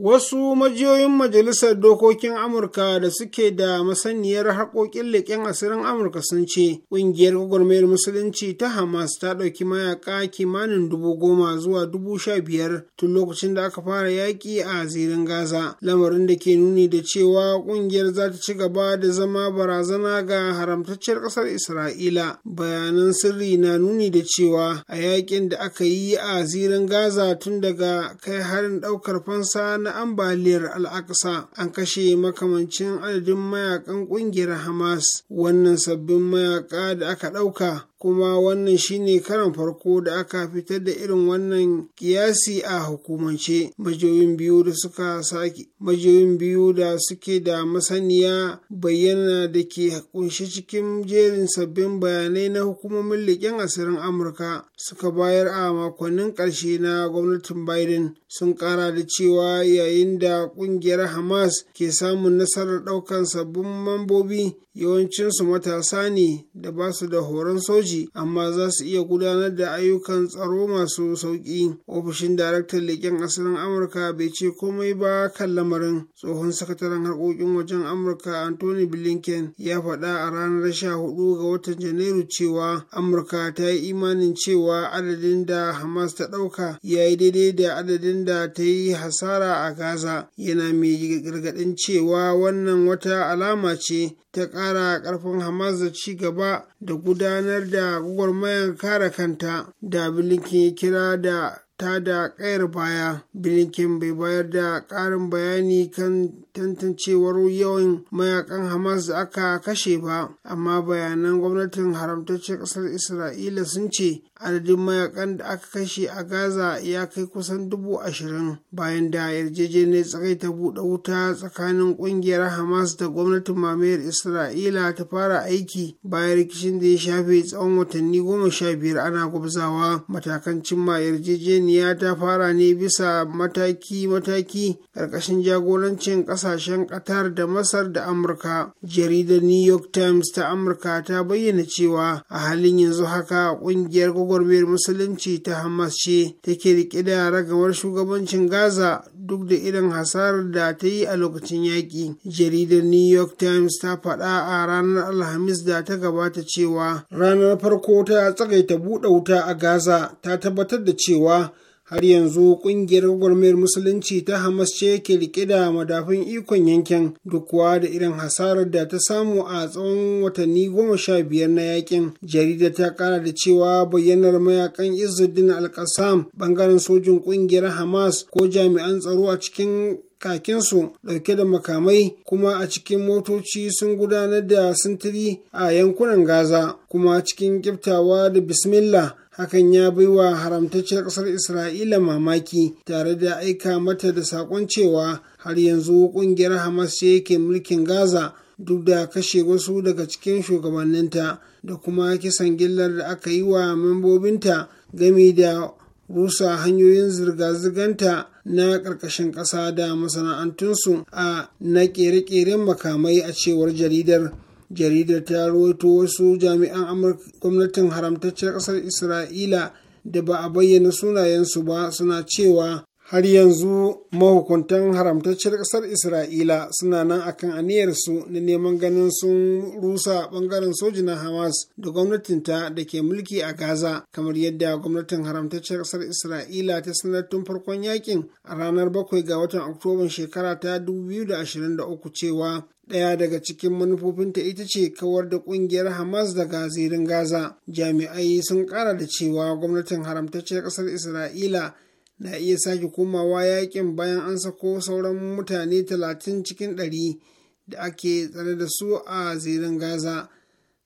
Wasu majiyoyin Majalisar Dokokin Amurka da suke da masaniyar harkokin leƙen asirin Amurka sun ce ƙungiyar gwagwarmayar Musulunci ta Hamas ta ɗauki mayaƙa kimanin dubu goma zuwa dubu sha biyar tun lokacin da aka fara yaƙi a zirin Gaza, lamarin da ke nuni da cewa ƙungiyar za ta ci gaba da zama barazana ga haramtacciyar ƙasar Isra'ila. Bayanan sirri na nuni da cewa a yaƙin da aka yi a zirin Gaza tun daga kai harin ɗaukar fansa na ambaliyar al'aqsa an kashe makamancin adadin mayakan ƙungiyar hamas wannan sabbin mayaka da aka ɗauka kuma wannan shine karan farko da aka fitar da irin wannan kiyasi a hukumance majiyoyin biyu da suka sake majiyoyin biyu da suke da masaniya bayyana da ke kunshe cikin jerin sabbin bayanai na hukumomin leƙen asirin amurka suka bayar a makonnin ƙarshe na gwamnatin biden sun kara da cewa yayin da ƙungiyar hamas ke samun nasarar ɗaukan sabbin mambobi yawancinsu matasa ne da ba su da horon soja soji amma za su iya gudanar da ayyukan tsaro masu sauƙi ofishin daraktan leƙen asirin amurka bai ce komai ba kan lamarin tsohon sakataren harkokin wajen amurka anthony blinken ya faɗa a ranar sha hudu ga watan janairu cewa amurka ta yi imanin cewa adadin da hamas ta ɗauka ya yi daidai da adadin da ta yi hasara a gaza yana mai gargaɗin cewa wannan wata alama ce ta ƙara ƙarfin Hamas da ci gaba da gudanar da gwagwarmayar kare kanta da Blinken ya kira da ta da ƙayar baya. Blinken bai bayar da ƙarin bayani kan tantancewar yawan mayakan Hamas da aka kashe ba, amma bayanan gwamnatin haramtaccen ƙasar Isra'ila sun ce adadin mayakan da aka kashe a gaza ya kai kusan dubu ashirin bayan da yarjejeniyar tsakai ta buɗe wuta tsakanin ƙungiyar hamas da gwamnatin mamayar isra'ila ta fara aiki bayan rikicin da ya shafe tsawon watanni goma sha biyar ana gwabzawa matakan cimma yarjejeniya ta fara ne bisa mataki-mataki ƙarƙashin jagorancin ƙasashen qatar da masar da amurka jaridar new york times ta amurka ta bayyana cewa a halin yanzu haka ƙungiyar gwagwarmayar musulunci ta hamas ce take rike da ragawar shugabancin gaza duk da irin hasarar da ta yi a lokacin yaƙi jaridar new york times ta faɗa a ranar alhamis da ta gabata cewa ranar farko ta tsagaita buɗe wuta a gaza ta tabbatar da cewa har yanzu kungiyar gwamnatin musulunci ta hamas ce ke rike da madafin ikon yankin duk kuwa da irin hasarar da ta samu a tsawon watanni goma sha biyar na yakin jarida ta kara da cewa bayyanar mayakan izuddin alkasam bangaren sojin kungiyar hamas ko jami'an tsaro a cikin kakinsu ɗauke da makamai kuma a cikin motoci sun gudanar da sintiri a yankunan Gaza kuma cikin kiftawa da bismillah hakan ya bai wa haramtacciyar ƙasar Isra'ila mamaki tare da aika mata da saƙon cewa har yanzu ƙungiyar Hamas ce yake mulkin Gaza duk da kashe wasu daga cikin shugabanninta da kuma kisan gillar da aka yi wa membobinta gami da rusa hanyoyin zirga-zirganta na ƙarƙashin ƙasa da masana'antunsu a na ƙere-ƙeren makamai a cewar jaridar jaridar ta rawaito wasu jami'an gwamnatin haramtaccen ƙasar isra'ila da ba a bayyana sunayensu ba suna cewa har yanzu mahukuntan haramtacciyar ƙasar isra'ila suna nan akan aniyarsu na neman ganin sun rusa ɓangaren sojina hamas da gwamnatinta da ke mulki a gaza kamar yadda gwamnatin haramtacciyar ƙasar isra'ila ta sanar tun farkon yakin a ranar bakwai ga watan oktoban shekara ta 2023 cewa Ɗaya daga cikin manufofinta ita ce kawar da ƙungiyar Hamas daga zirin Gaza. Jami'ai sun ƙara da cewa gwamnatin haramtacciyar ƙasar Isra'ila na iya sake komawa yakin bayan an sako sauran mutane talatin cikin ɗari da ake tsare da su a zirin gaza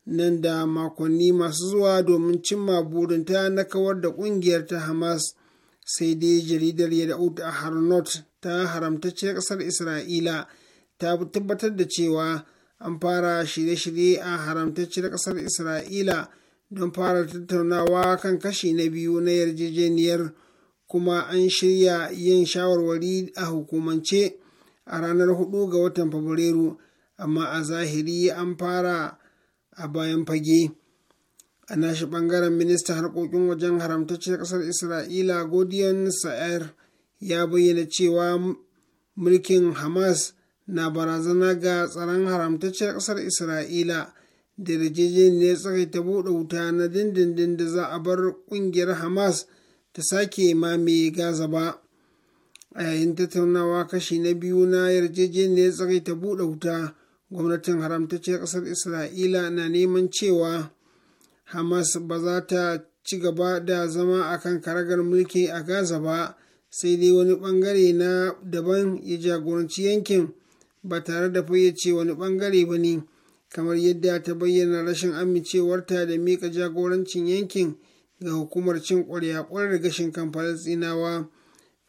nan da makonni masu zuwa domin cimma burinta na kawar da ƙungiyar ta hamas sai dai jaridar yadda'ut a harnot ta haramtacciyar ƙasar isra'ila ta tabbatar da cewa an fara shirye-shirye a haramtacciyar ƙasar isra'ila don fara tattaunawa kan kashi na biyu na yarjejeniyar kuma an shirya yin shawarwari a hukumance a ranar 4 ga watan Fabrairu, amma a zahiri an fara a bayan fage. A nashi ɓangaren ministan harkokin wajen haramtacciyar Kasar Isra'ila Godiyan Sa'ar ya bayyana cewa mulkin Hamas na barazana ga tsaron haramtacciyar Kasar Isra'ila da ne tsakaita buɗe wuta na dindindin da za a bar ƙungiyar Hamas. ta sake mamaye gaza ba a yayin tattaunawa kashi na biyu na yarjejeniyar tsakai ta buɗe wuta gwamnatin haramtacciyar ƙasar isra'ila na neman cewa hamas ba za ta ci gaba da zama a kan karagar mulki a gaza ba sai dai wani ɓangare na daban ya jagoranci yankin ba tare da fayyace wani ɓangare ba ne kamar yadda ta bayyana rashin amincewarta da miƙa jagorancin yankin ga hukumar cin ƙwarya ƙwarar gashin kan falasɗinawa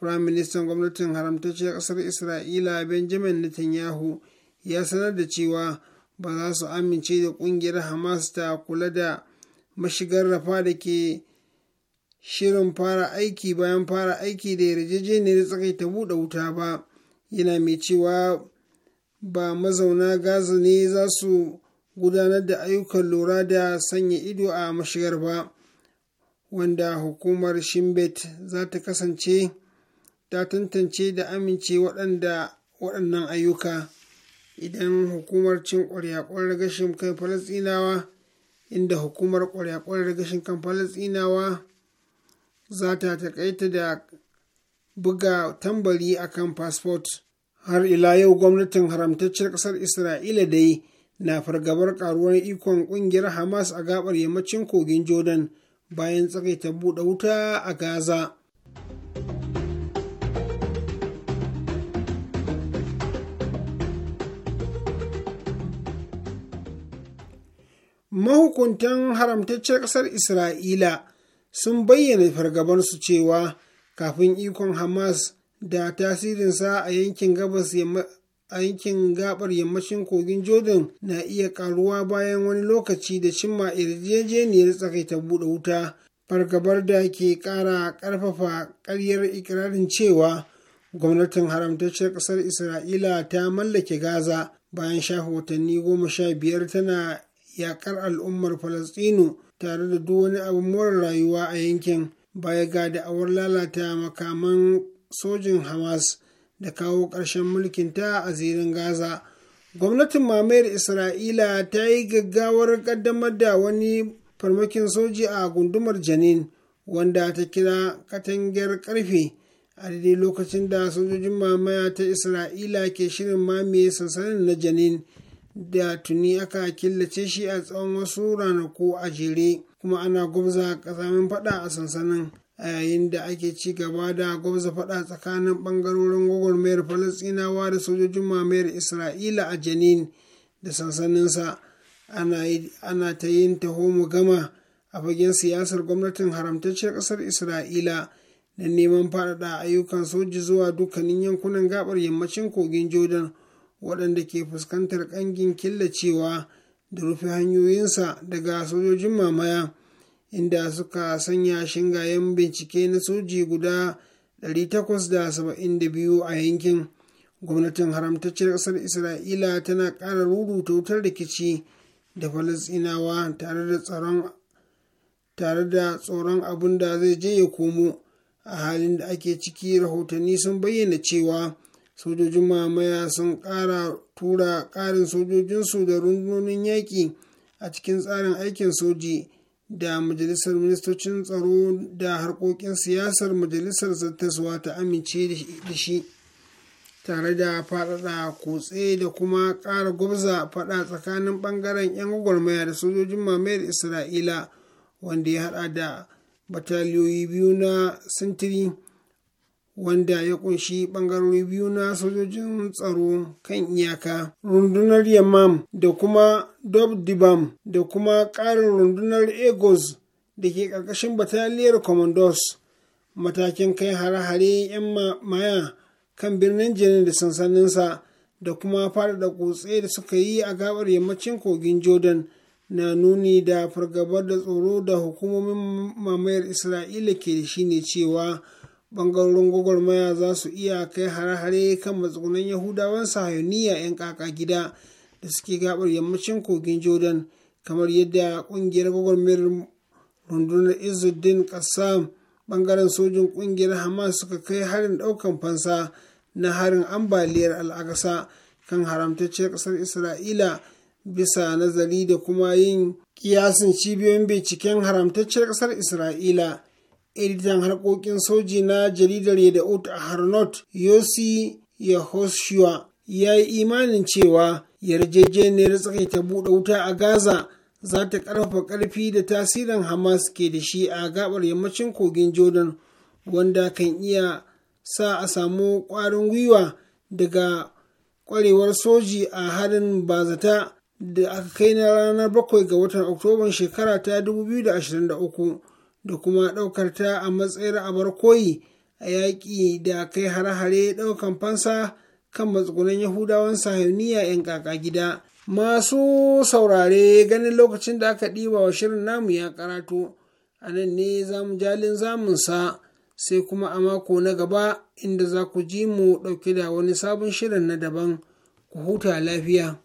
firaministan gwamnatin haramtacciyar ƙasar isra'ila benjamin netanyahu ya sanar da cewa ba za su amince da ƙungiyar hamas ta kula da mashigar rafa da ke shirin fara aiki bayan fara aiki da yarjejeniyar ta buɗe wuta ba yana mai cewa ba mazauna gaza ne za su gudanar da ayyukan lura da sanya ido a mashigar ba wanda hukumar shimbet za ta kasance ta tantance da amince waɗannan ayyuka idan hukumar cin ƙwarya-ƙwarar gashin kan falasinawa inda hukumar ƙwarya-ƙwarar gashin kan falasinawa za ta taƙaita da buga tambari a kan fasfot har ila yau gwamnatin haramtaccen ƙasar isra'ila dai na fargabar ƙaruwar ikon ƙungiyar hamas a gaɓar yammacin kogin jordan bayan tsagaita buɗe wuta a Gaza. Mahukuntan haramtaccen ƙasar Isra'ila sun bayyana fargabansu cewa kafin ikon Hamas da tasirinsa a yankin gabas a yankin gabar yammacin kogin jordan na iya karuwa bayan wani lokaci da cimma yarjejeniyar tsakaita buɗe wuta fargabar da ke kara ƙarfafa ƙaryar ikirarin cewa gwamnatin haramtacciyar ƙasar isra'ila ta mallake gaza bayan shafe watanni goma sha biyar tana yakar al'ummar falastinu tare da duk wani abu more rayuwa a yankin baya ga da'awar lalata makaman sojin hamas da kawo ƙarshen mulkinta a zirin Gaza. Gwamnatin mamayar Isra'ila ta yi gaggawar ƙaddamar da wani farmakin soji a gundumar Janin wanda ta kira katangar ƙarfe a daidai lokacin da sojojin mamaya ta Isra'ila ke shirin mamaye sansanin na Janin da tuni aka killace shi a tsawon wasu ranaku a jere kuma ana gwamza ƙasamin faɗa a sansanin. a yayin da ake ci gaba da gwamza faɗa tsakanin ɓangarorin gwagwarmayar falasinawa da sojojin mamayar isra'ila a janin da sansaninsa ana ta yin taho mu gama a fagen siyasar gwamnatin haramtacciyar ƙasar isra'ila da neman faɗaɗa ayyukan soji zuwa dukkanin yankunan gabar yammacin kogin jordan waɗanda ke fuskantar ƙangin killacewa da rufe hanyoyinsa daga sojojin mamaya inda suka sanya shingayen bincike na soji guda 872 a yankin gwamnatin haramtacciyar ƙasar isra'ila tana ƙara rurutu wutar rikici da falasinawa tare da tare da tsoron abun da zai je ya komo a halin da ake ciki rahotanni sun bayyana cewa sojojin mamaya sun ƙara tura ƙarin sojojinsu da rundunonin yaƙi a cikin tsarin aikin soji da majalisar ministocin tsaro da harkokin siyasar majalisar zattaswa ta amince da shi tare da faɗaɗa kutse da kuma ƙara gwabza faɗa tsakanin ɓangaren 'yan gwagwarmaya da sojojin mamayar isra'ila wanda ya haɗa da bataliyoyi biyu na sintiri wanda ya kunshi ɓangarori biyu na sojojin tsaro kan iyaka rundunar yamam da kuma dobdibam da kuma ƙarin rundunar egos da ke ƙarƙashin bataliyar commandos matakin kai hare-hare 'yan maya kan birnin jenin da sansaninsa da kuma faɗaɗa kutse da suka yi a gabar yammacin kogin jordan na nuni da fargabar da tsoro da hukumomin mamayar isra'ila ke da shi ne cewa ɓangarorin gwagwarmaya za su iya kai hare-hare kan matsugunan yahudawan sahayoniya 'yan ƙaƙa gida da suke gabar yammacin kogin jordan kamar yadda kungiyar gwagwarmayar rundunar Izudin kassam bangaren sojin kungiyar hamas suka kai harin daukan fansa na harin ambaliyar al'aqsa kan haramtacciyar kasar isra'ila bisa nazari da kuma yin kiyasin cibiyoyin binciken haramtacciyar kasar isra'ila editan harkokin soji na jaridar yadda'ut a harnot yosi yahoshua ya yi imanin cewa yarjejeniyar ta buɗe wuta a gaza za ta ƙarfafa ƙarfi da tasirin hamas ke da shi a gabar yammacin kogin jordan wanda kan iya sa a samu ƙwarin gwiwa daga ƙwarewar soji a harin bazata da aka kai na ranar bakwai ga watan oktoban shekara ta 2023 da kuma ɗaukar ta a matsayin abar koyi a yaƙi da kai hare-hare ɗaukan fansa kan matsugunan yahudawan sahiyoniya 'yan kaka gida masu saurare ganin lokacin da aka ɗiba wa shirin namu ya karatu a nan ne zamu jalin zamunsa sai kuma a mako na gaba inda za ku ji mu ɗauke da wani sabon shirin na daban ku huta lafiya